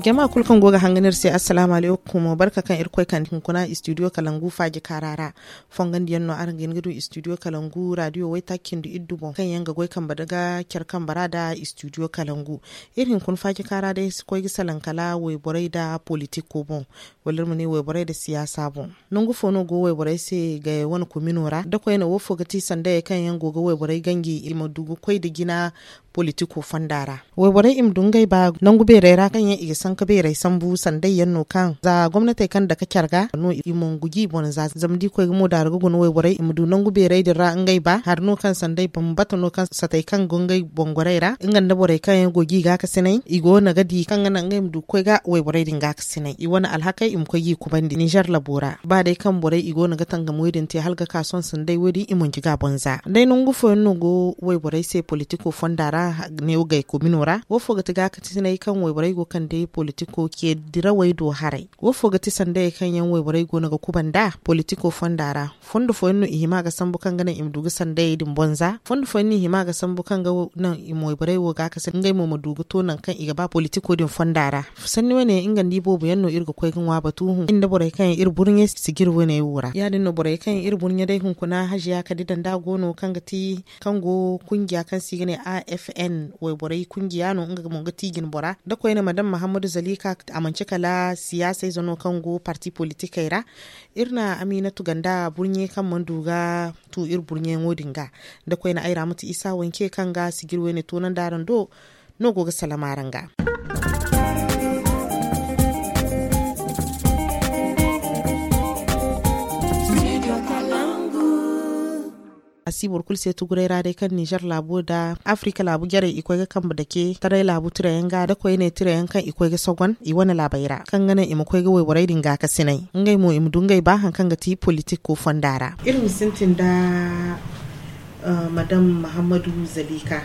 jama'a kulkan goga hanganar sai assalamu alaikum barka kan irkoi kan kuna studio kalangu fagi karara fongan diyan no arangin gidu studio kalangu radio wai takin du iddubo kan yanga goi kan badaga kyar kan barada studio kalangu irin kun fagi kara da koi gisalan kala wai borai da politiko bon walir mu ne wai borai da siyasa bon nun gufo no go wai borai sai ga wani kuminora da koi na wofo gati sanda ya kan yango go wai borai gangi ilmo dugu koi da gina politiko fandara wai wore im dungai ba nan gube raira kan ya san kabe rai san bu sandai yan no kan za gwamnati kan da ka kyarga no imon gugi bon za zamdi ko mu da rugu no wai wore im du nan gube rai ra ngai ba har no kan sandai ban bata no kan satai kan gungai bon goraira ingan da bore kan ya gogi ga ka sinai igo na gadi kan nan ngai du ko ga wai wore din ga ka sinai i wani alhaka im ko yi kubandi Niger labora ba dai kan bore igo na tanga mu muidin te halga kason sandai wuri imon giga bonza dai nungu fo nugo go wai wore sai politiko fandara ra ne ga kuminora wo foga tiga ka ti nay kan way boray go kan de politiko ke dira way do haray wo foga ti sande kan yan way boray go ga kubanda politiko fondara fondo fo no ihima ga sambu kan ganan imduga sande din bonza fondo fo ni ihima ga sambu kan ga nan imoy boray go ga ka san ngai mo dugu to nan kan iga ba politiko din fondara sanni wane ingan di bobu yanno irga koy kan wa batu hun inda boray kan ir burnye sigir wane wura ya din no boray kan ir burnye dai hun kuna hajiya ka didan da gono kan ga ti kan go kungiya kan sigine AF fn wai borai kungiya no nga ga tigin bora da ko na madam muhammadu zalika amanci kala siyasa zano kango parti politika ira irna aminatu ganda burnye kan manduga tu ir burnye ngodinga da ko ina aira mutu isa wanke kanga sigirwe ne tonan daran do no goga salamaranga ga asibur kul sai tugurai rade kan nijar labu da Africa labu gyare ikwai ga kan ke tare labu tirayen ga da kwai ne tirayen kan ikwai ga sogon i wani labaira kan ganin imu kwai ga waiwarai dinga ka sinai ngai mu imu dungai ba hankan ga ti politik ko fondara irin sintin da uh, madam muhammadu zalika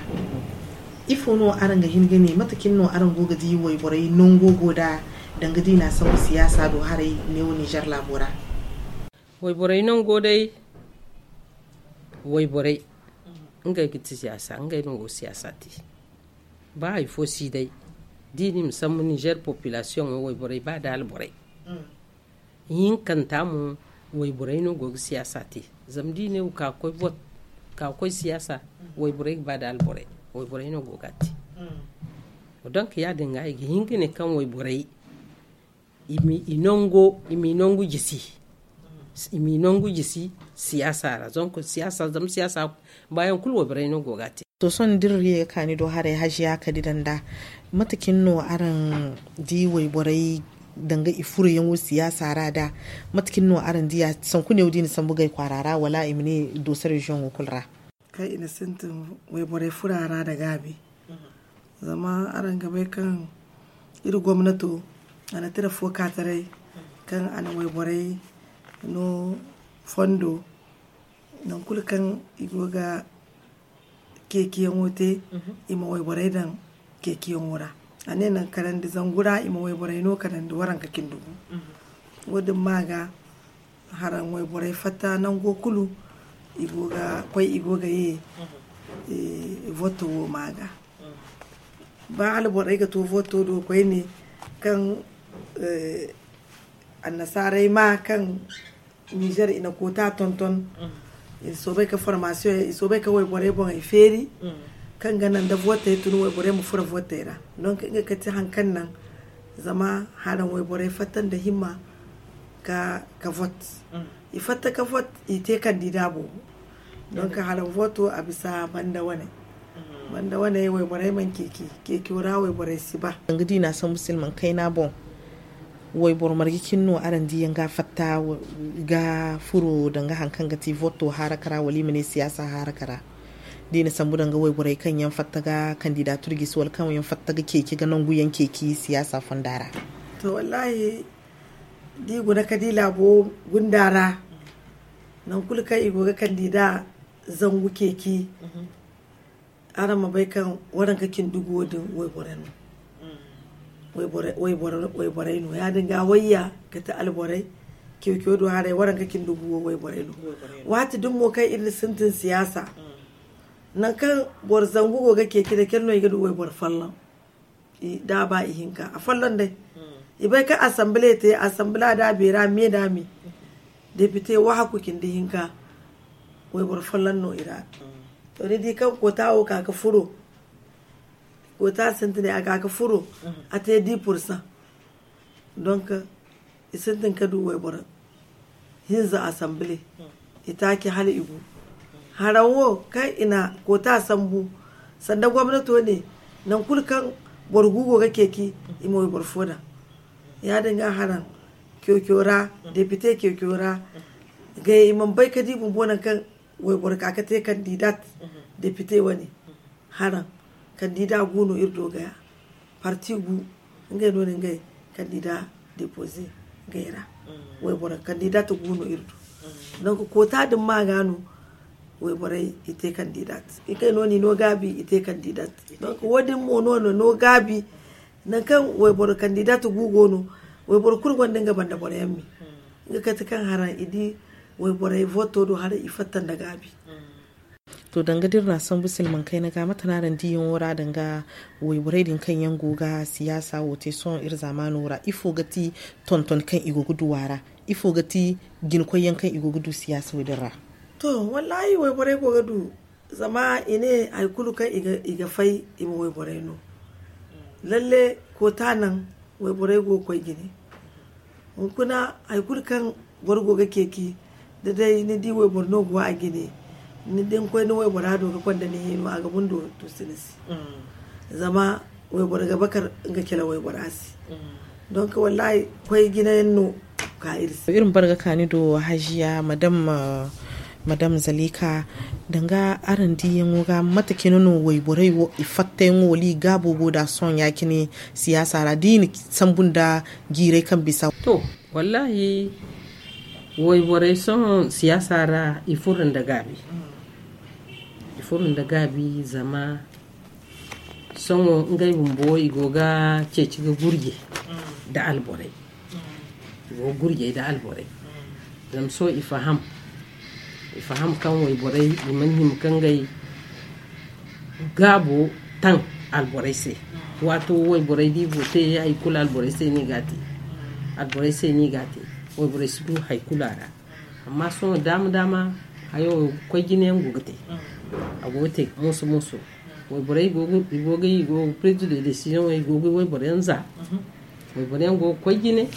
ifo no aran ga hingane matakin no aran goga di waiwarai non gogo da dangadi na samu siyasa do harai ne wani jar labura waiwarai non godai waiborai ngai kiti siyasa ngai siyasa ti ba yi fo si dai dini musamman niger population waiborai ba da alborai yin kanta mu waiborai siyasa go siyasati zamdi ne ka koi bot ka koi siyasa waiborai ba da alborai waiborai no go gatti donc ya dinga yi ne kan waiborai imi inongo imi inongo jisi imi inongo jisi razon ku siyasa zam siyasa bayan kulwa birnin gogate to son ya kani do hare hajiya kadi danda matakin no aran diwai borai danga ifure yanwo siyasa rada matakin no aran diya san kune wudi ni san bugai kwarara wala imne dosar jon kulra kai ina sintin wai borai furara da gabi zama aran gabe kan iri gwamnato ana tira fo katarai kan ana wai borai no fondo nan kulkan igoga kekiyan wote mhm. ima wai borai dan kekiyan wura a ne nan karan da zangura ima wai borai no karan da waran kakin dubu mhm. wadin maga haran wai borai fata nan gokulu igoga kwai igoga ye mhm. e, voto wo maga ba alborai ga to voto do kwai ne kan e, annasarai ma kan niger ina kota tonton mm. isobai ka formation isobai ka wai gore bon e feri mm. kan nan da vote ya tunu wai gore mu fura vote ra don ka ka ci hankan nan zama haran wai gore fatan da himma ka ka vote mm. i fata ka vote i te candida bo don ka haran vote a bisa banda wani banda wani wai gore man keke keke wura wai gore si ba ngidi na san musulman kai na bon woy bor margi kinno arandi ga fatta ga furo danga hankan ga ti voto harakara wali mini siyasa harakara dina sambu danga woy boray kan yan fatta ga candidature gi wal kan yan fatta ga keke ga nangu yan keke siyasa fandara to wallahi di ka di labo gundara nan kulka i goga kandida zangu keke mhm. arama bai kan waran kin dugu wadin woy boray wai borai no ya dinga wayya ka ta alborai kyokyo do hare waran kakin dubu wai borai no wata dun mo kai irin sintin siyasa mm. nan kan bor zangu go kake kida kenno ga wai bor fallan da ba ihinka a fallan dai mm. ibai ka assembly ta assembly da bera me da me deputy wa hakukin dihinka wai bor fallan no ira mm. to ne di kan ko tawo kaka furo 80 a kaka furo a ta yi ate ka donc isintin kadu a bora hinza assembly ke hali igu harawo kai ina ko ta sambu sannan gwamnato ne nan kulkan borgugo ga keki ima wai borfoda ya dinga haran kyokyora fita kyokyora ga iman bai kadi bonan kan wai borka ka te kandidat fita mhm. wani haran candidat gu no ir parti gu ngai no ngai candidat déposé gaira mm. wai bora candidat gu no ir do mm. donc kota din ma gano wai bora ite candidat ikai no ni no gabi ite candidat donc wodin mo no no gabi na kan wai bora candidat gu gono wai bora kurgon dinga banda bora yammi mm. ga kan haran idi wai bora voto do har ifatta da gabi to danga dirna san musulman kai kai naga mata na ran wura danga wai buredin kan yan goga siyasa wote son ir zamanu wura ifo gati tonton kan igogudu wara ifo gati ginko yan kan igogudu siyasa wadira to wallahi wai bure ko zama ine ai kulu kan iga iga fai ima wai bure no lalle ko ta nan wai bure go koi gine kuna ai kulu kan gorgo ga keki da dai ni di wai burno go a gine ni den kwai ni wai bora do ga kwanda ne a aga bundo to sinis mm. zama wai bora ga bakar ga kila wai bora si mm. don ka wallahi kwai gina yanno ka irsi irin barga kani do hajiya madam uh, madam zalika danga aran diyan woga mata kinino wai borai wo ifatta yin woli gabo da son ya kini siyasa ra dini sambun da girai kan bisa to wallahi wai son siyasa ra ifurin da gabi mm. min da gabi zama songo ngai bumbo igoga ga gurge da alborai igo mm. gurge da alborai mm. zam so ifaham ifaham kan wai borai iman him kan gai gabo tan alborai sai mm. wato wai borai di vote ai kula alborai sai ni gati alborai sai ni gati wai borai su hai kula da amma so dama dama hayo kwai gine ngugate agote musu musu wai bore yi igogo preju de decision wai igogo wai bore yanza um wai bore yango um kwai gine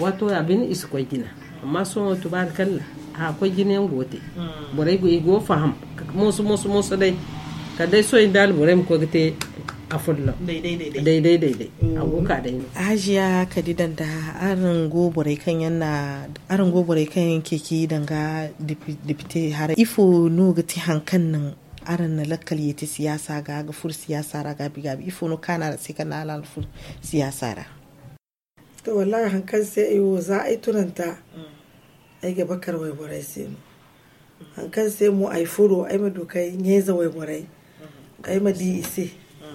wato bini isu kwai gina amma sun um wato barkalla a ah, kwai gine yango te bore igogo faham musu musu musu dai ka dai so in dal bore mu ko te. a fulla daidai daidai abuka da yi hajiya kadidan da arin goborai kan yana arin goborai kan keke danga dipite har ifo no gati hankan nan arin na lakkal ta siyasa ga ga fur siyasa ra gabi gabi ifo nu kana da sai kana alal fur siyasa ra to wallahi hankan sai iwo za a yi tunanta mm. ai ga bakar waiwarai sai mu hankan sai mu ai furo ai madukai nyeza waiwarai mm. ai madi ise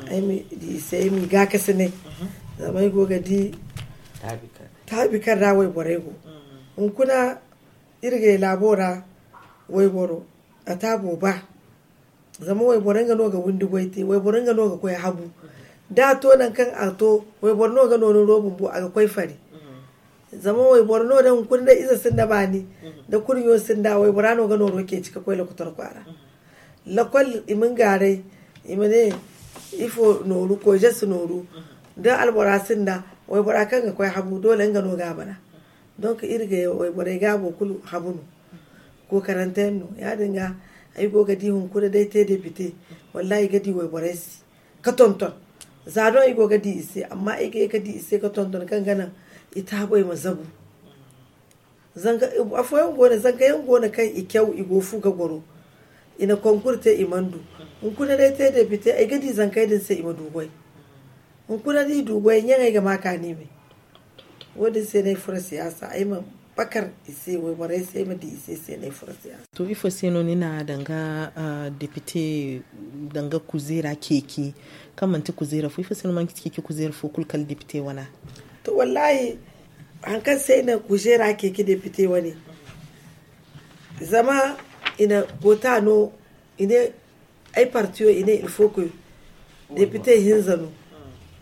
aimi di sai mi ga kasine zamai goga di tabikar da wai borai go mm. in kuna irge labora wai boro a tabo ba zama wai borai ga noga windi wai te wai borai ga noga koi habu mm. da to nan kan a to wai borno ga nono robin bu aga koi fari mm. zama wai borno da kun da iza sun da bani da kuryo sun da wai borano ga nono ke cika koi lokutar kwara lakwal imin gare imane ifo noru ko jesu noru don albora sin da wai kan ga kwai habu dole ga no gabana don ka irga wai bora gabo kulu habunu ko karanta no ya dinga ai go gadi dihun kuda dai te da fite wallahi gadi wai bora si ka tonton zado ai go gadi ise amma ai ga gadi ise ka tonton kan ganan ita bai mazabu zanga afoyan gona zanga yan gona kan ikyau igofu ga goro ina konkurte imandu in kuna dai te da fita ai gadi zan kai din sai ima dubai in kuna dai dubai yan ai ga maka ne mai wanda sai yi fura siyasa ai ma bakar ise wai bare sai ma di ise sai nai fura siyasa to ifa sai no ni na danga deputy danga kuzera keke kaman ta kuzera fu ifa sai man keke kuzera fu kulkal deputy wana to wallahi an kan sai na kuzera keke deputy wani zama ina n'o, ina ai partiyo ina il faut député hinzano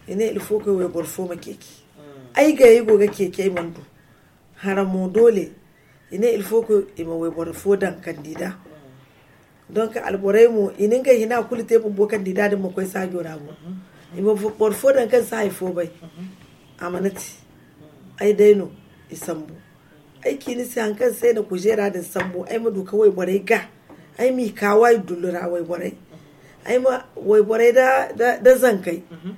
ina il faut que we borfo ma keke mm. ai ga yi goga keke mandu haramu dole ina il ima we borfo dan kandida mm. don ka alborai mu inin ga hina kulite mu bo kandida da mu kai sajo mu mm-hmm. mm-hmm. ima borfo dan kan sa haifo bai mm-hmm. amanati ai daino isambu aiki ni sai kan sai na kujera da sambo ai ma duka wai bare ga ai mi wai dulura wai bare ai ma wai bare da da zankai mm-hmm.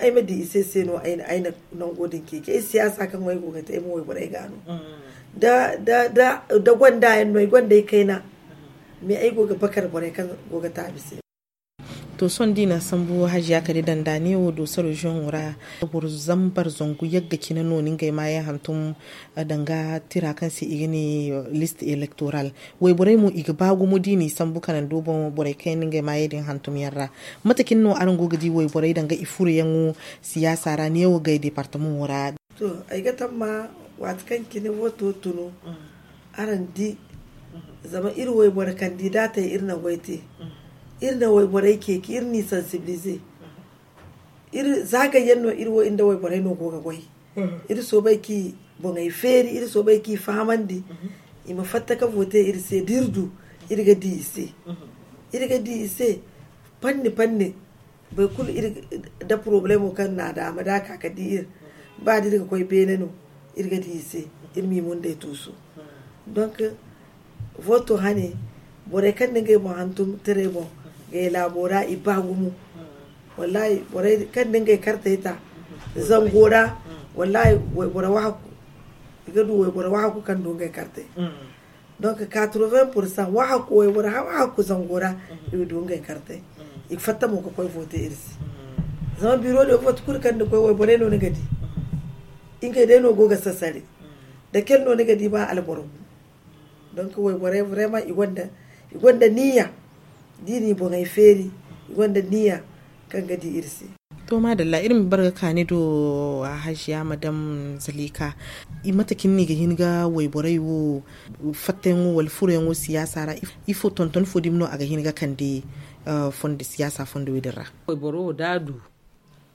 ai ma da isa sai no ai ai na nan godin keke ai siyasa kan wai goga ta ai ma wai ga gano mm-hmm. da da da da gwanda ai mai gwanda kai na mm-hmm. me ai goga bakar bare kan goga ta bisi to sondi na sambu hajiya kare dandane wo do saro jonwura bur zambar zongu yagga kina nonin gai ma ya hantum eh, danga tira kan si igini eh, list electoral wai burai mu iga bagu mu dini sambu kanan dobo burai kai nin gai ma ya din hantum yarra matakin no aran gogaji wai burai danga ifure yanu siyasa ra ne wo gai departament wura to ai ga tamma wat kan kini woto tuno mm. aran di zama irwai bar kandidata na goite mm -hmm. irna way boray keki sensibilize. sensibiliser ir zaga yanno ir wo inda way boray no goga goy mhm. ir bai ki feri, feeri ir bai ki famandi mhm. ima fatta ka vote ir se dirdu irga di ise mhm. irga di se, panni panni bai kul ir da problemo kan na da amada kaka di ir ba dirga koy beneno irga di se, ir mi mun dai tusu donc voto hane bore kan ne ga bo hantum tere bon ga labora gumu wallahi borai kan dinga karta ita zan gora wallahi wai bora waha gadu wai bora waha ku kan dinga karta donc 80% waha ku wai bora waha ku zan gora ibi dinga karta ik fatta mo ko koy vote irsi zan biro da vote kur kan ko wai bora no ne gadi in kai dai no goga sassare da kel no ne gadi ba alboro donc wai bora vraiment i wanda i wanda niyya dini bon ay e feri gonda e niya kan gadi irsi to madalla irin barga kane do a hajiya madam zalika i mata kinni ga hinga wai borai wo fatten wo wal furen wo siyasa ra i fo tonton fo dimno aga hinga de fondi siyasa fondi wedira wai boro dadu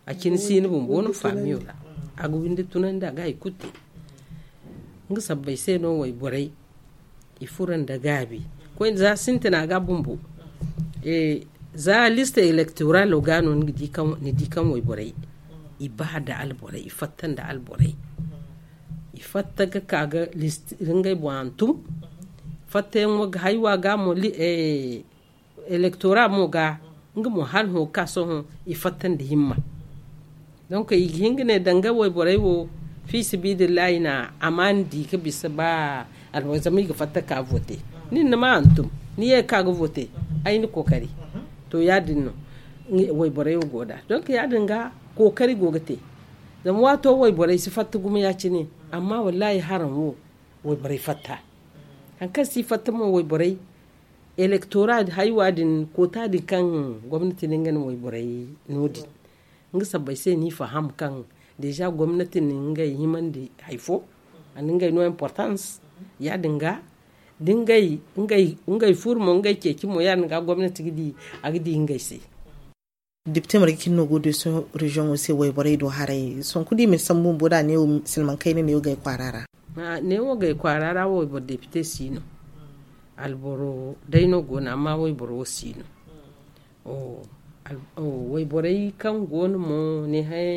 a kin sini bun bonu famiyo a gubin da tunan da ga ikuti ngi sabbai sai no wai borai i ifuran da gabi ko in za sintina ga bumbu e za lista electoral gano ni di kan wai borai i ba da alborai i da alborai i fatta ga kaga list ringai bo fatta waga haiwa ga mu li e, electoral mo ga nga mu hal ho kaso ho i fattan da himma donc i ne danga wai borai wo fi sibidillahi na amandi ka bisa ba alwazami ga fatta ka vote ni na ma antum ni ya kaga vote ni kokari to yadin no wai yau goda don ka yadin ga kokari gogate zama wato wai borai su fatta gumi ya ci ne amma wallahi haram wo wai borai fatta an kan si fatta mu wai borai electoral haiwa din kota din kan gwamnati ne ganin wai borai nodi ngi sabai sai ni faham kan deja gwamnati ne ngai himan di haifo an ngai no importance ya dinga dingai ngai ngai furmo ngai keki mo yan ga gwamnati gidi agidi ngai sai dipte mara kinno gode so region wose wai borai do harai son kudi mi sambu boda ne o silman kai ne ne gai kwarara na ah, ne o gai kwarara wo bo dipte sino alboro daino gona ma wai boro sino o o wai borai kan gonu mo ne hay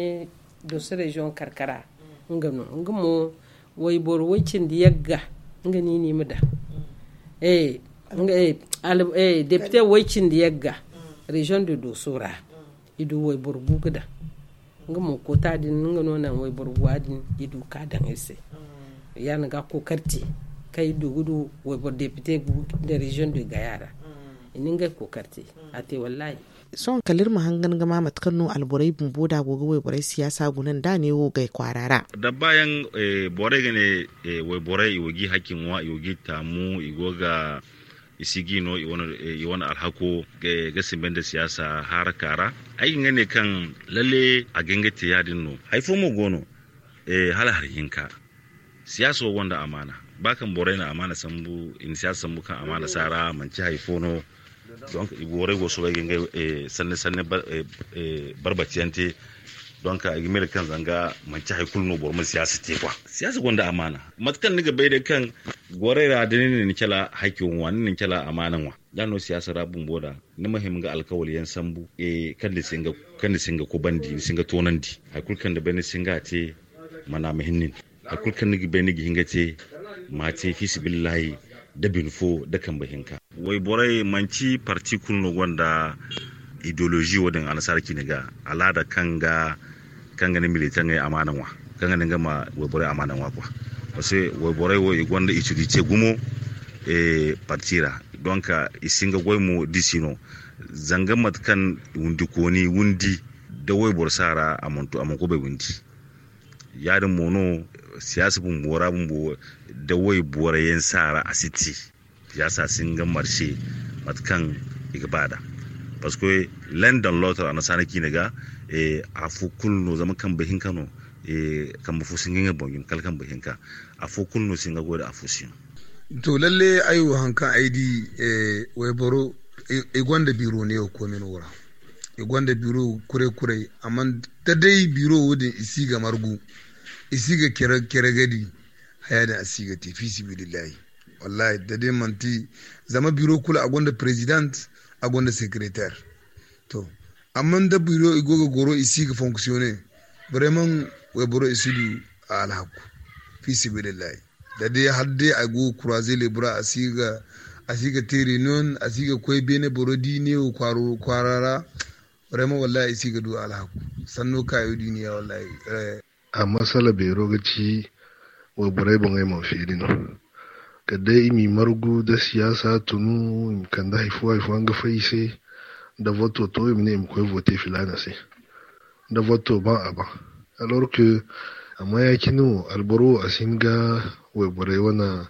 do region karkara ngano ngamo wai boro wai cin yagga nga ni ni muda eh nga eh al eh deputy waikin da yagga mm. région de dosora mm. idu way burbu gida nga mo ko tadi din nga nona way burbu wadi idu ka dan ese mm. ya nga ko karti kay du gudu way bur député de région de gayara ni nga ko karti ate wallahi son kalir mu hangan gama matkan no alborai bumbo da gogo wai burai siyasa gunan da ne wo gai kwarara da bayan eh, burai gane eh, wai borai iwogi hakin wa iwogi tamu igoga i wani eh, alhako ga simen da siyasa har kara aikin gane kan lalle a gangate yadin no haifo mu gono hal yinka siyasa wanda amana bakan borai na amana sambu in siyasa sambu kan amana sara manci haifono donc ka go so genge e sanne sanne bar, e, e barbaciyante donc a gimel kan zanga manci hay kulno bor mun siyasa te kwa siyasa gonda amana matkan niga bai da kan gore ra da ne ni kala hakkin wa ni kala amana wa dano siyasa rabun boda ni muhim ga alkawali yan sambu e kan ni singa kan ni singa ko bandi ni singa tonandi hay kan da bani singa te mana muhinnin hay kan niga bai niga hinga ce ma te fi sibillahi da bilfo da kan bahinka wai borai manci parti kulno gwanda ideoloji wadin anasar kiniga da kanga kanga ni militan ngai amanan wa kanga ni gama wai borai amanan wa kuwa. parce wai borai wai gwanda ichudite gumo e partira donc isinga goy mu disino zangan kan wundi koni wundi da wai borsara a amonko bai wundi yarin mono siyasa bun bora bun bo da wai bora yan sara a city siyasa sun ga marshe matkan igbada paske london lotter a ne ga eh, a fukulno zama kan bahin kano eh, kan mafu sun ganga bongin kalkan bahin ka a fukulno sun ga gode a fusin to lalle ayo hanka aidi eh, wai baro igon da biro ne ko min wura igon da biro kure kure amma da dai biro wudin isi ga margu isiga kere gadi haya da asiga te fi sibilillahi wallahi da dai manti zama biro kula a gwanda president a gwanda secretary to amma da biro ga goro isiga fonctionne vraiment we boro isidu a alhaku fi sibilillahi da dai har dai a go croiser les a asiga asiga tere non siga kwai bene di ne o kwaro kwarara vraiment wallahi isiga du alhaku sannu kayo duniya wallahi eh. a salabeerogatii wabureebon eman Ka dai imi margu da siyasa tunu kan kanda haifu haifu an anga sai. da voto to im ne im vote filana sai. da voto ba a ba alorki amma ya kinu alboro asinga webure wana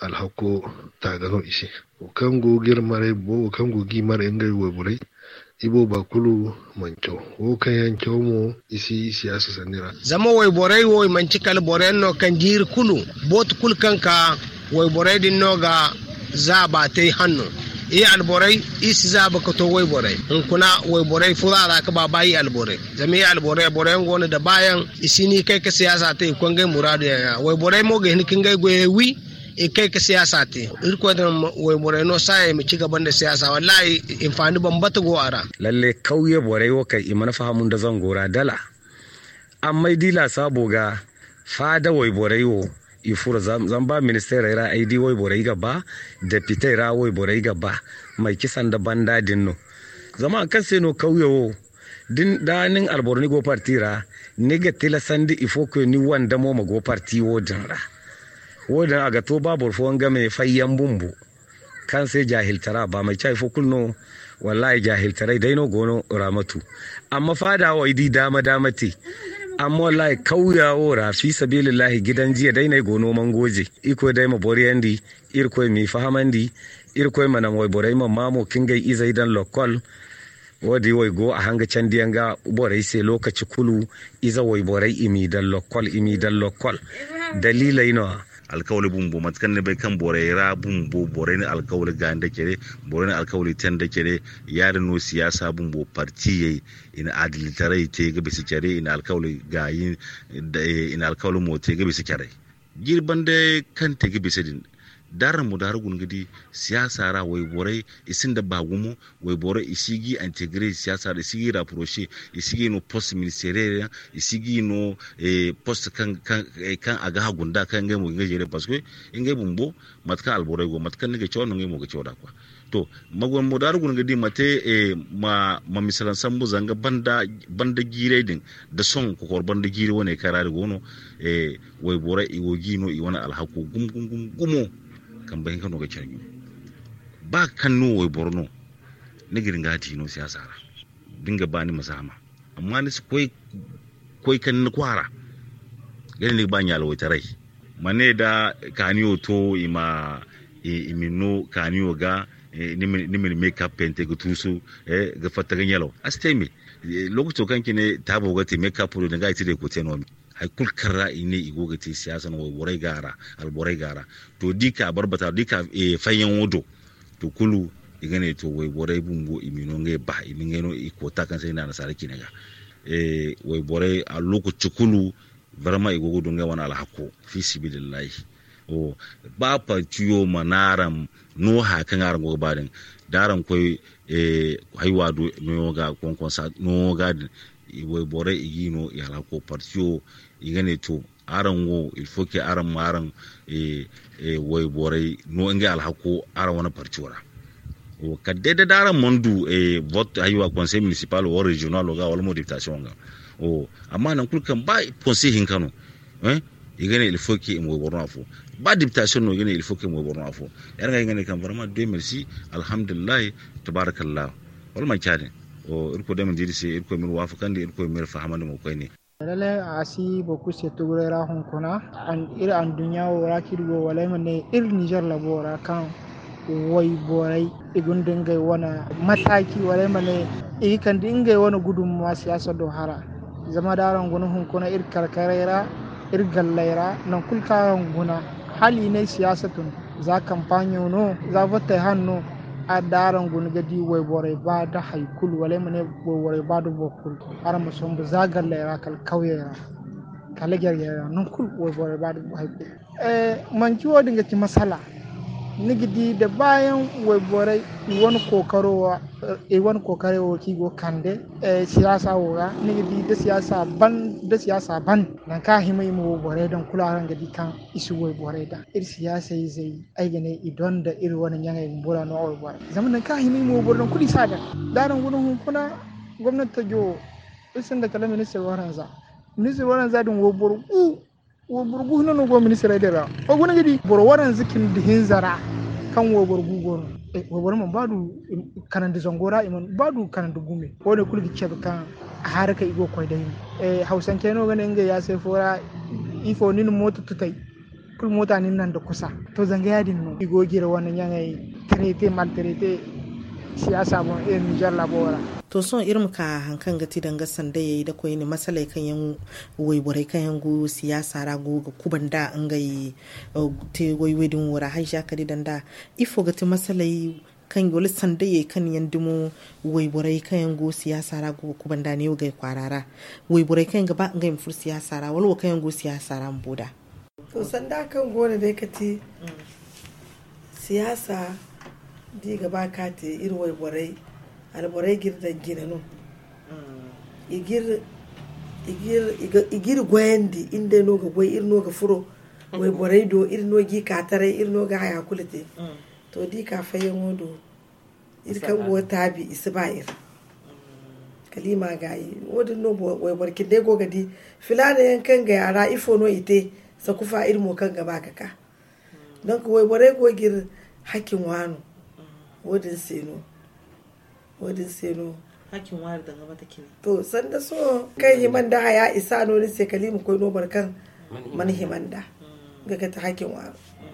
alhako tagano isi okango girmare bo okango gimare ngai webure ibo bakulu mancho wo kan yan chomo isi siyasa sanira zama wai borai wai manci kal borai no kan jir kulu bot kul kan ka wai borai din no ga za ba tai hannu i alborai isi za ba ka to wai borai in kuna wai borai fura da ka ba bayi alborai zama i alborai borai ngone da bayan isi ni kai ka siyasa tai kun muradu ya wai borai mo ga hin kin ga wi kai ka siyasa te irko da wai no sai mu ci gaban da siyasa wallahi fani ban bata go ara lalle kauye borewo kai imana fahamun da zan gora dala amma dila sabo ga fada wai borewo ifura zamba ministera ira aidi wai borai gaba deputy ira wai borai gaba mai kisan da banda dinno zama kan kauye wo din danin alborni go partira niga tilasandi ifo ko ni wanda mo mago partiwo dinra wodan ga to babur fo game fayyan bumbu kan sai jahiltara ba mai chai fo kulno wallahi jahiltarai daino gono ramatu amma fada wa idi dama dama te. amma wallahi kauya rafi rafi sabilillahi gidan jiya daina gono mangoje iko dai ma boriyandi irko mi fahamandi irko ma nan wai borai ma mamo kingai izai dan lokol wadi wai go a hanga can diyan ga borai sai lokaci kulu iza wai borai imi dan lokol imi dan lokol dalilai nawa alkawali bumbo matkan ne bai kan bore ra bumbo bore ne alkawali ga inda kere bore ne alkawali tan da kere da no siyasa bumbo parti yayi in adilitare te ga bisi kere in alkawali ga yin in alkawali mo te ga bisi kere girban da kan te ga bisi din daran mu da dar gungudi siyasa ra wai borai isin da bagumu wai borai isigi integre siyasa da isigi rapproché isigi no post ministeriel isigi no eh, post kan kan eh, kan aga gunda kan ga mu ga jere paske in ga bumbo matka al borai go matka ngai chawo ngai mu ga chawo da kwa to magwan mu da dar gungudi mate eh, ma ma misalan san sambu zanga banda banda gire din da son ko kor banda gire wone karare gono eh, wai borai iwo gino i wani alhaku gum gum gum gumo kan bayan kano ga kyarmi ba kan no wai borno na giringati no siyasa ra dinga ba ni masama amma ni su koi koi kan ni kwara gani ne ba ni ta rai mane da kaniyo to ima imino kaniyo ga eh, ni me make up pente ga eh, fatagan yalo astemi eh, lokacin kanki ne ta ga make up da ga ite da ko te hay kul karra ine igogate siyasa na borai gara al gara to dika barbata dika e eh, fayen wodo to kulu igane to wo borai bumbo imino ngai ba imingeno ta kan sai na nasara kinaga e eh, wo borai a lokaci kulu barma igogo dunga wana alhako fi sibilillahi o ba fa ciyo manaram no ha kan aran go badin daran koi e eh, haiwa do no ga konkon sa no ga wo borai igino yala ko partiyo igane to aran wo il ilfoke aran maran e e way boray no nge alhako aran wana parciwara o kadde da daran mondu e vote aywa conseil municipal o regional o ga wala mo deputation o amma nan kulkan ba conseil hinkano eh igane ilfoke mo borno afo ba deputation no igane ilfoke mo borno afo yarga igane kan vraiment deux merci alhamdulillah tabarakallah wal man chade o irko da min didi se irko min wafa kan da irko min fahamanda mo kai Lallai asi boku se ra hun kuna an ir an duɲa wora kiriwo walai ne ir bo ra kan wai borai igun dingai wana mataki walema ne kan dingai wana ma siyasa do hara zama daran gunu hun kuna ir karkarera ir gallaira nan kulkaran guna hali ne siyasa tun za kampanyo no za vote hannu a daren gunga gadi wai borai ba da haikul wale mane wai ba da bokul har musom ba zagar laira kal ya kala gergera nan kul wai borai ba da haikul eh man ciwo dinga masala nigidi da bayan waibore iwan kokarowa iwan kokarewa kigo kande e, siyasa wura nigidi da siyasa ban da siyasa ban nan ka himai mu waiborai don kula gadi kan isu waibore da ir siyasa yi zai aigane idon da irin wani yanayi bura na waibore zaman nan ka himai mu waiborai don kudi sada daren wurin hunkuna gwamnati ta jo isin da kalamin nisir waranza nisir waranza din waiborai woborgu no no go ministre dera oguna gidi Borowaran zikin dihin zara kan woborgu goro e, wobor man badu kanan zongora iman badu kanan gume wone kulgi chebe kan harka igo koy da eh hausan keno gane nge ya sai fora ifo nin mota tutai kul mota nin nan da kusa to zanga yadin no igo gira wannan yanayi trete maltrete shi ya samu in labora. to son irin ka hankan gati ga sanda ya yi da koyi ne ya kan yan waiburai kan yan siyasa rago ga kuban da an ga yi uh, te din wura har haisha kadi da. ifo gati yi kan yi wani sanda ya yi kan yan dimo waiburai kan yan siyasa rago ga kuban da ne ga yi kwarara waiburai kan gaba an ga yi fur siyasa rago walwa kan yan siyasa ra boda to sanda kan gona dai kati mm. siyasa diga ba ka te iri wai borai alborai girda ginanu mm. igir igir igir gwendi inda no ga gwe ir no furo Wai borai mm. do iri nogi katare iri noga haya kulite mm. to di ka faye ngodo ir kan isi ba iri kalima yi wadin no wai barkin dai goga di filana yankan ga yara ifo no ite sakufa ir mo kan ga baka ka don ko way hakin wano wodin seno wodin seno hakin wayar da gaba take ne to sanda so kai himan da ya isa no ne sai kalimu koi no barkan man himan da mm. ga ta hakin wayar mm.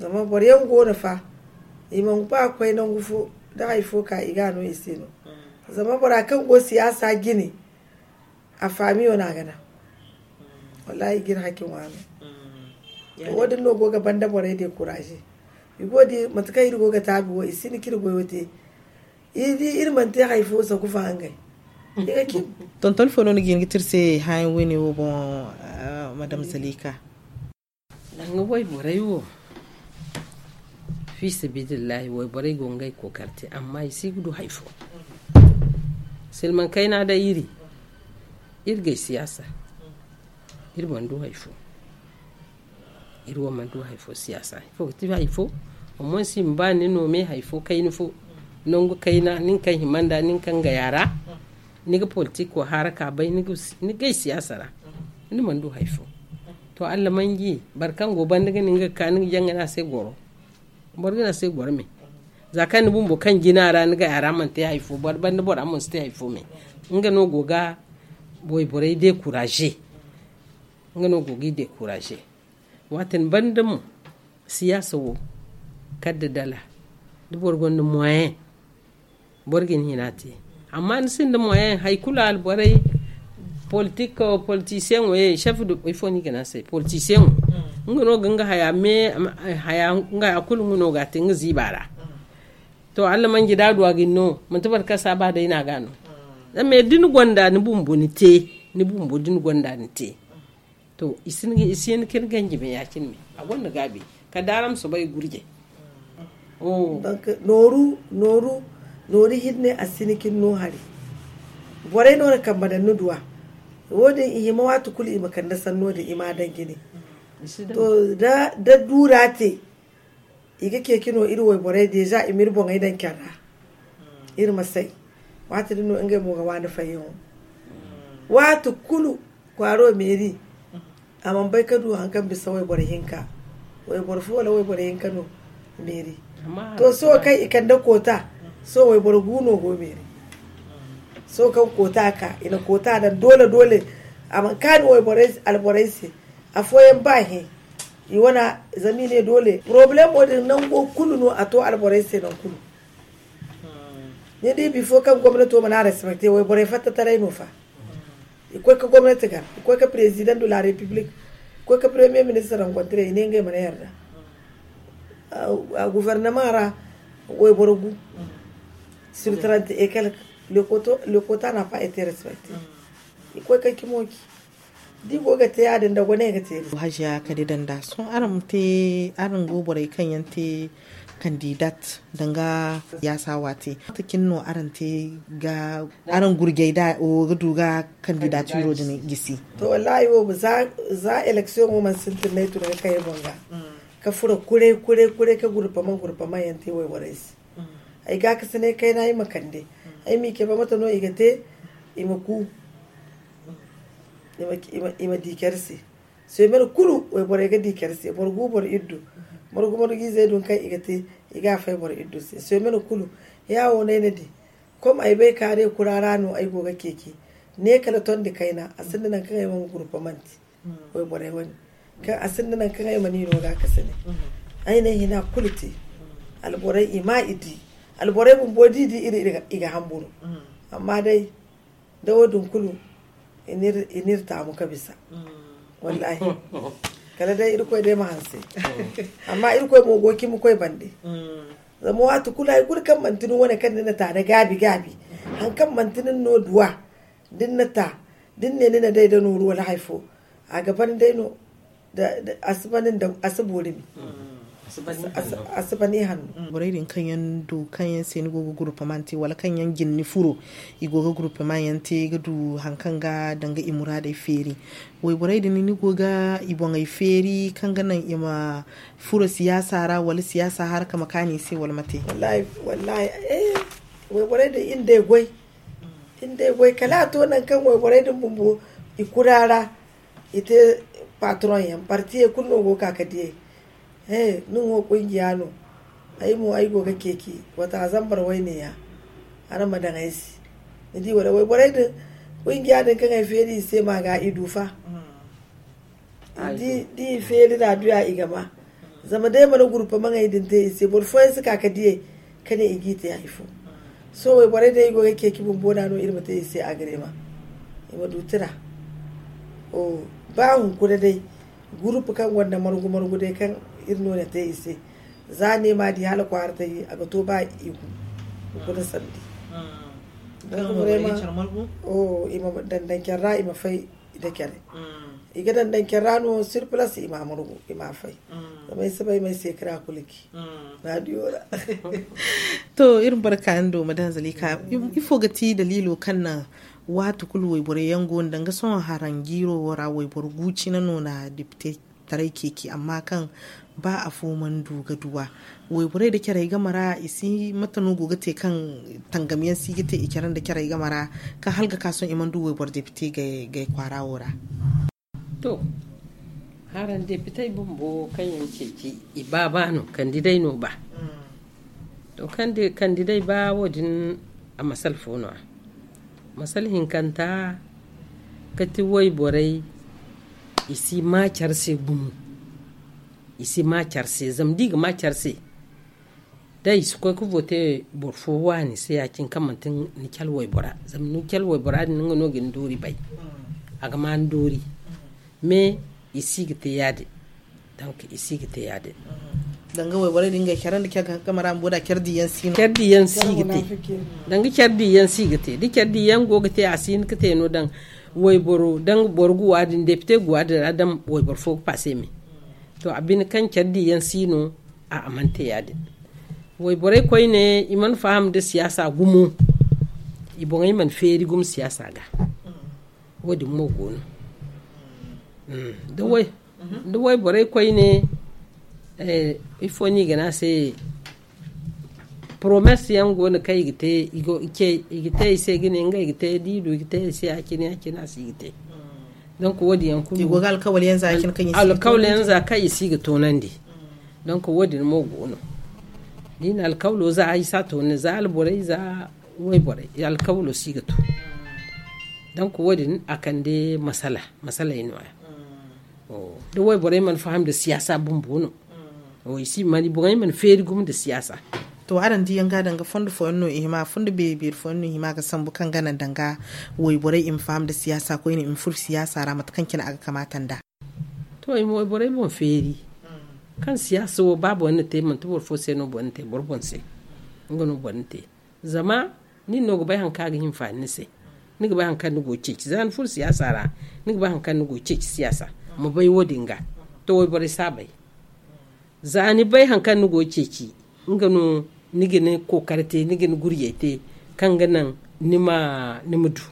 zama baryan gona fa iman ba kwai nan gufo da haifo ka iga no iseno mm. zama kan go siyasa gini a yau na gana wallahi gina hakin wayar wadin no gaban da bare da kuraje igodi matuka irgo ga tabi wa isini kirgo wote idi mante haifo sa kufa angai diga kim tonton fono ni gin gitirse hayin wini wo ah, madame madam salika langa wai borai wo fi sabidillahi wai borai gongai ko karte amma isi gudu haifo silman kaina da iri irgai siyasa irban du haifo iruwa mandu haifo siyasa ifo ti haifo amma si ba ni no me haifo kai ni fo non go kai na nin kan himanda nin kan ga yara ni ga politiko haraka bai ni ni ga siyasa ra ni mandu haifo to Allah mangi barkan go ban daga ninga ka ni janga na sai goro bar na sai goro me zakan ni bumbo kan gina ra ni ga yara man ta haifo bar ban ni bor amon ta haifo me nga no goga boy boy de courage nga no gogi de courage watin bandin siyasa wo kadda dala dubor gonda moyen borgin hina te amma ni sin da moyen hay kula al boray politique politicien wo chef eh, de eh, il faut ni kana se politicien hmm. ngono ganga haya me eh, haya nga akul ngono ga tinga zibara hmm. to Allah man gida duwa ginno mun tabar kasa ba da ina gano hmm. me din gonda ni bumbu ni te ni bumbu din gonda ni te to kin ganji mai yakin ne a gonda gabe ka daram su bai gurje oh. noru noru nori hidne a sinikin nohari gwarai bore kan badan nuduwa wodin iya mawa tukuli ima kan nasan nodin ima dan gini to da da dura te iga ke kino iri wai gwarai da ja imir bon aidan kyara iri masai wata dino inga mo ga na fayin hmm. wata kulu kwaro meri amma bai ka du hankan bisa wai bar hinka wai bar fu wala wai bar hinka no meri to so kai ikan da kota so wai bar guno go meri so kan kota ka ina kota dan dole dole amma kan wai bar a afoyen ba he yi wana ne dole problem wadin nan go kulu no to alborense nan kulu hmm. ne dai bifo kan gwamnati wa mana respecte wai bare fatta tare no fa ikoi ka gwamnati ga ikoi ka president de la republique ikoi ka premier ministre rencontre ine ngai mana yarda a gouvernement ra wai borogu sur 30 et quelques le quota le quota n'a pas été respecté mm. ikoi ka kimoki digo ga te yadin da gwane ga te hajiya di danda sun aram te aran gobore kan yante kandidat danga ya sawate ta kinno te ga aran gurgai da o gudu ga kandidaturo da gisi to wallahi wo za za election woman sentimeter ka kai bonga ka fura kure kure kure ka gurfama gurfama yante wai warais ai ga ka sane kai nayi makande ai mi ke ba mata no igate imaku ima ima dikerse sai mer kuru wai bore ga dikerse bor gubor iddu morgu morgi zai dun kai igate iga faibor idus so mana kulu yawo ne ne di kom ai bai kare kurara no ai goga keke ne kala ton di kaina asin nan kan mm. ai mun gurfa manti wai borai wani kan asin nan kan ai mani no ga kasane mm. ai ne hina kulti mm. alborai ima idi alborai mun bodi di iri iga hamburu amma dai dawo kulu inir inir ta mu kabisa wallahi kala dai irko dai hanse amma irko mu goki mu koi bande mm. zama watu kula gur kan mantinu wani kan dina ta da gabi gabi han kan mantinin no duwa dinna ta dinne ne na dai da nuru haifo a gaban dai no da asibanin da asibani hannu buraidin mm. kanyan du kanyan sai ni gogo grupa man te wala kanyan ginni furo i gogo grupa man yan te du hankan ga danga imura da feri wai buraidin ni goga ibon i feri kan nan ima furo siyasa ra wala siyasa har kama makani sai wala mate wallahi wallahi eh wai buraidin inda gwai mm. inda gwai kala to nan kan wai buraidin bumbu kurara ite patron yan partiye kunno go kakadiye Eh, nun wo kungiya no ai mu ai go kake ki wata zambar wai ne ya ana madan aisi ni di wada wai borai da kungiya din kan feli sai ma ga idu fa di di feli da duya igama zama dai mana gurfa man ai din dai sai bor foi suka ka die kane igita ya ifo so wai barai da igo kake ki bun bona no irma te sai a gare ma ima dutira o oh, ba hun kuda dai gurfa kan wanda margu margu dai kan irno ne yi ise za ne ma di hala kwar ta yi aga to ba iku hmm. ku da sabbi dan mu da ma o ima dandan kyarra ima fai da kere hmm. iga dan dan kerra no surplus ima murgu ima fai hmm. mai sabai mai sai kira kuliki na diyora to irin barka ando madan zalika ifo gati dalilo kanna wata kulu waibore yango ndanga son harangiro wara waibore guci na nuna dipte tare keke amma kan ba a foman dogaduwa wai burai da kyarai gamara isi mata no goga te kan tangamiyan si gite ikiran da kyarai gamara kan halga kason iman duwai wai bar da fite ga kwara wura to haran da fitai bumbo kan yance ki iba ba no kandidai no ba to kandidai ba wajin a masal fono masal hinkanta kati wai borai isi macar sai gumu isi macharse zamdiga macharse dai su ko ku vote fo wani sai yakin kamantin ni wai bora zam ni wai bora din ngono nogin dori bai mm. aga man dori me isi gite yade donc isi gite yade mm. danga wai bora dinga sharan da kyaga kamara an boda kyardi yan sin kyardi yan si gite danga kyardi yan si gite di kyardi yan go gite asin kite no dan wai boro dan borgu wadin depute wadin adam wai borfo mi. to abin kan kyaddi yan sino a amante yadin wai borai kwai ne iman faham da siyasa gumu ibon ai man feri gum siyasa ga mm. wadi mo gonu mm. mm. da wai mm-hmm. da wai borai koi ne eh ni gana sai promesse yan gona kai gite igo ike igite ise gine nga igite didu igite ise akini akina si igite don ko wadi yan kulu igoga alkawal yan za kin kan yi alkawal yan za kai si ga tonan di don ko wadi mo gono ni na alkawlo za ai sa tonan za alborai za wai borai alkawlo si ga to don ko wodi akan de masala masala yin wa da wai borai man faham da siyasa bumbu bono mm. o oh, isi mani borai man feri gum da siyasa to aran di yanga danga fondu fo no hima e fondu be be fo no hima e ga sambu kan ganan danga woy borai in fam da siyasa ko in fur siyasa ra mat kankin aga kamatan da to ai moy borai mo feri hmm. kan siyasa wo babu wani te man to fo se no bonte borbon se ngono bonte zama ni no go bai hanka ga hin fani se ni bai hanka ni go ci zan fur siyasa ra ni bai hanka ni go ci siyasa mu hmm. bai wodinga to wai bari sabai hmm. zani bai hankan ni goce ci ngano ko karte kokarte nigini guryete kan ganan nima nimudu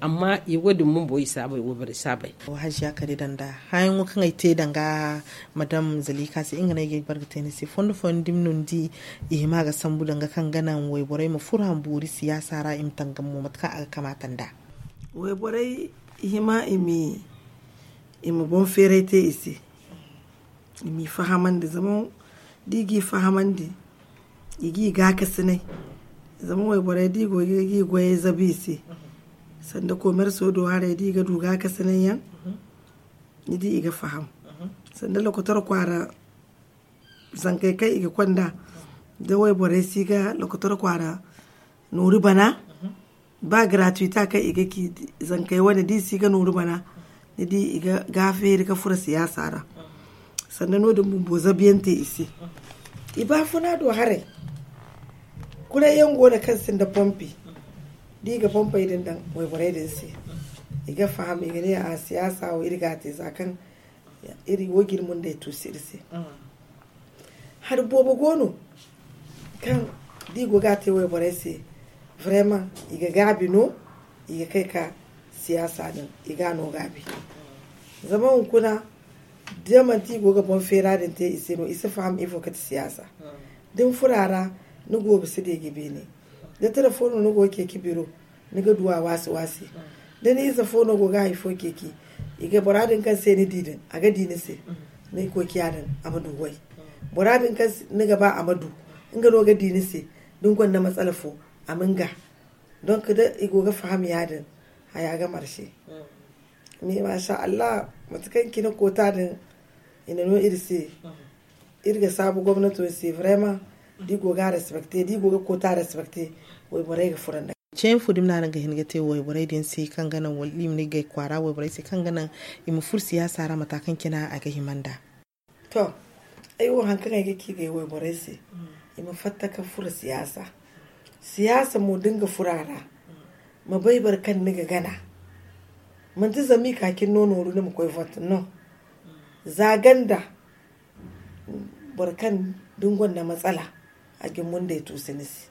amma i wadin mun boyi sabai wo bari sabai o hajiya kare danda hayin wo kan aite danga madam zalika sai ingana yake barkata ne sai fondo fondim nun di i ma ga sambu danga kan ganan wai borai mu furan buri siyasa ra im tangan mu matka aka kamata da wai borai i ma imi imi bon fere te isi imi fahaman da zaman digi fahaman da igi ga ka kasine zama wai bore digo igi go ye zabisi sanda ko mer so do hare di ga ka kasine yan ni di iga faham sanda lokotar kwara zankai kai iga kwanda da wai bore si ga lokotar kwara nuri bana ba gratuita kai iga ki zankai wani di si ga nuri bana ni di iga gafe ka fura siyasa ra sanda no da bumbo zabiyante isi iba funa do hare kula yan gona kan sin da pompi diga pompa idan dan wai bare din se iga faham iga ne a siyasa wa irga te zakan iri wogir mun da to sir sai har bobo gono kan digo ga te wai bare sai vraiment iga gabi no iga kai ka siyasa din iga no gabi zaman kuna diamanti goga bon fera din te isemo isa ise faham ifo ka siyasa din furara nugo bisidi gibini da fono no nugo ke ni ga duwa wasi wasi da ni isa fono go ga ifo i ga boradin kan sai ni didin ga dini sai ni ko kiyadan amadu wai boradin kan ga ba amadu inga no ga dini sai dun kon na matsalafo ga. don da i ga faham yadin ya ga marshe ni masha Allah matakan na kota din ina no irse irga sabu gwamnati sai vraiment digo ga respecté digo ga kota respecté wai borai ga furan na fudim naran ga hinga te wai borai din sai kan ganan walim ne ga kwara wai borai sai kan ganan imu fursi ya sara matakan kina a ga himanda to ai wo hankan ga ki ga wai borai sai imu fattaka fura siyasa siyasa mu dinga furara mu bar kan ni ga gana mun ti zami kakin nono runa mu koi vote no zaganda barkan dungon na matsala ake munde to sinisi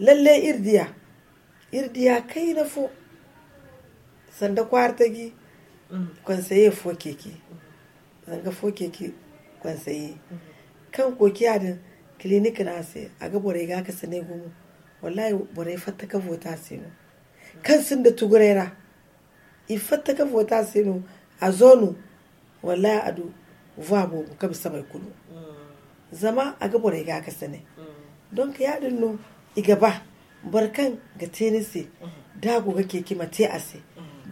lalle irdiya irdiya kai na fo sanda gi kwansaye fo keke zanga fo keke kwansaye kan koki adin clinic na se ga bore ga ka sane gumu wallahi bore fatta ka vota se no kan sun da tugurera i fatta ka vota se no a zonu wallahi adu vabo ka bi sabai kulu mm. zama ga bore ga ka sane mm. donc yaɗin no iga ba barkan ga tenisi dago ga keke ma te ase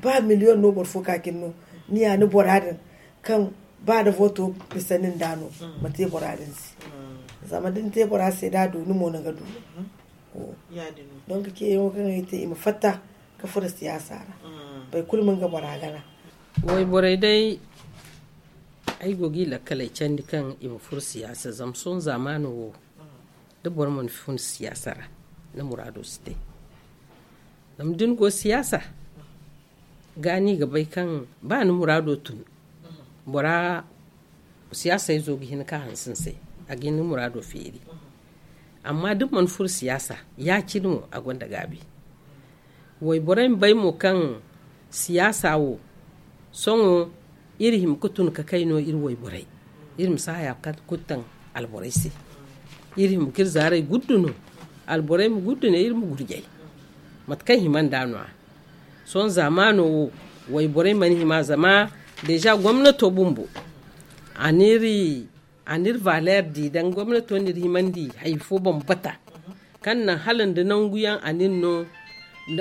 ba miliyon no borfo kakin no ni ya ni boradin kan ba da voto bisanin dano ma te boradin si zama din te bora se da do ni mo na ga do ka ke yo kan ta ima fata ka fura siyasa bai kulmin ga boragana wai borai dai ai gogi la kalai can kan ima fur siyasa zamson zamanu Duk bõr mõn fũnd siyaasa ra murado state nam dũni go gani ga bai kan ba ni murado tun bora siyaasa ye zoog hini ka hansin sai a gini ni murado fere. amma duk mõn siyasa ya ci cini a gwanda gab'i. Wai bora n bai mu kan siyasa wo songo irihim kutun ka tun ka kai no iri way ya ka kutan alborai irim kir zarai gudduno alborai mu guddune irim gurgei matkan himan danoa son zamano wai borai mani hima zama deja gwamnato bumbu aniri anir valer di dan gwamnato nir himan di haifo bambata kan nan halin da nan guyan aninno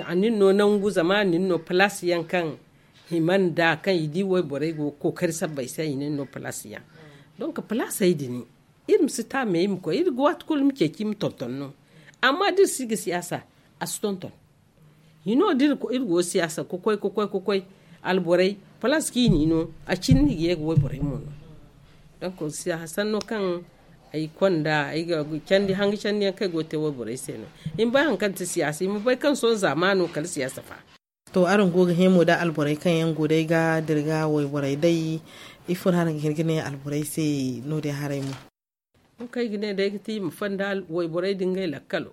aninno nan gu zama aninno plus yankan himan da kan idi wai borai go kokari sabbai sai aninno plus yan donc plus sai dini irin si ta me yi ko irin gwat kul muke kim tonton no amma dir sigi siyasa a su tonton yi know dir ko iri siyasa ko koy ko koy ko alborai palas ki ni no a cin ni ye go borai mo no donc siyasa no kan ay konda ay ga candi hangi candi kai go te wo sai seno in ba han kan siyasa mu bai kan son zamanu kal siyasa fa to aron goga hemo da alborai kan yan godai ga dirga wai borai dai ifur haran girgine alborai sai no de harai mu kai gine da yake mu fanda wai burai dingai lakkalo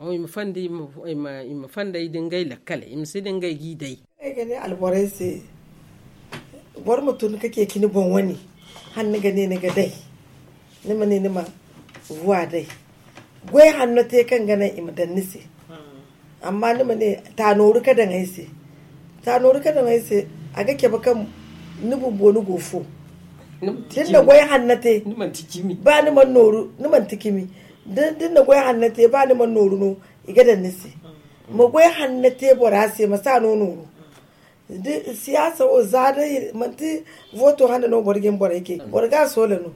o mu fanda mu fanda dingai lakkale mu si dingai gidai kai gane alborai se bor mutun kake kini bon wani ni gane ni ga dai ma ni ma wa dai gwai hannu te kan gane imu dan nise amma ma ne ta noru kadan haise ta noru kadan haise a gake ba kan nubu bonu gofo dinna goy hannate niman tikimi ba niman noru niman tikimi da gwai hannate ba ni niman noru no igada nise ma goy hannate borase sa no noru de siyasa o zada manti voto hannu no borgen bora yake borga sola no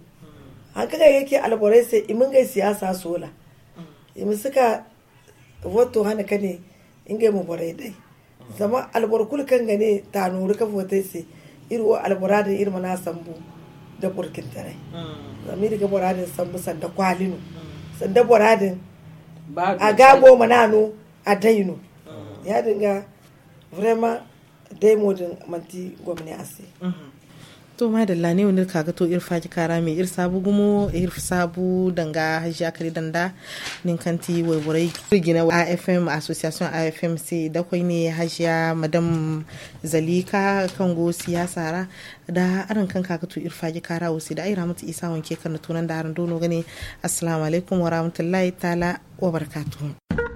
hankaka yake alborai sai imin gai siyasa sola imin suka voto ne in ingai mu bora dai zama alborkul kan gane ta n'oru ka votai sai irwo albora da irma na sambo da burkintarai mm. zamiri ga buradin san musan da kwalinu mm. san da buradin a gago manano a dainu mm. ya dinga vrema daimodin manti gwamnati ase to da ne wani kaga to irfa ki kara mai ir sabu gumo ir sabu danga hajiya kare danda nin kanti waiwurai gina afm association afm sai da kwai ne hajiya madam zalika kan go siyasa ra da aran kan kaga to irfa ki kara wasi da aira mutu isa wanke kan tunan da aran dono gane assalamu alaikum wa rahmatullahi ta'ala wa barakatuh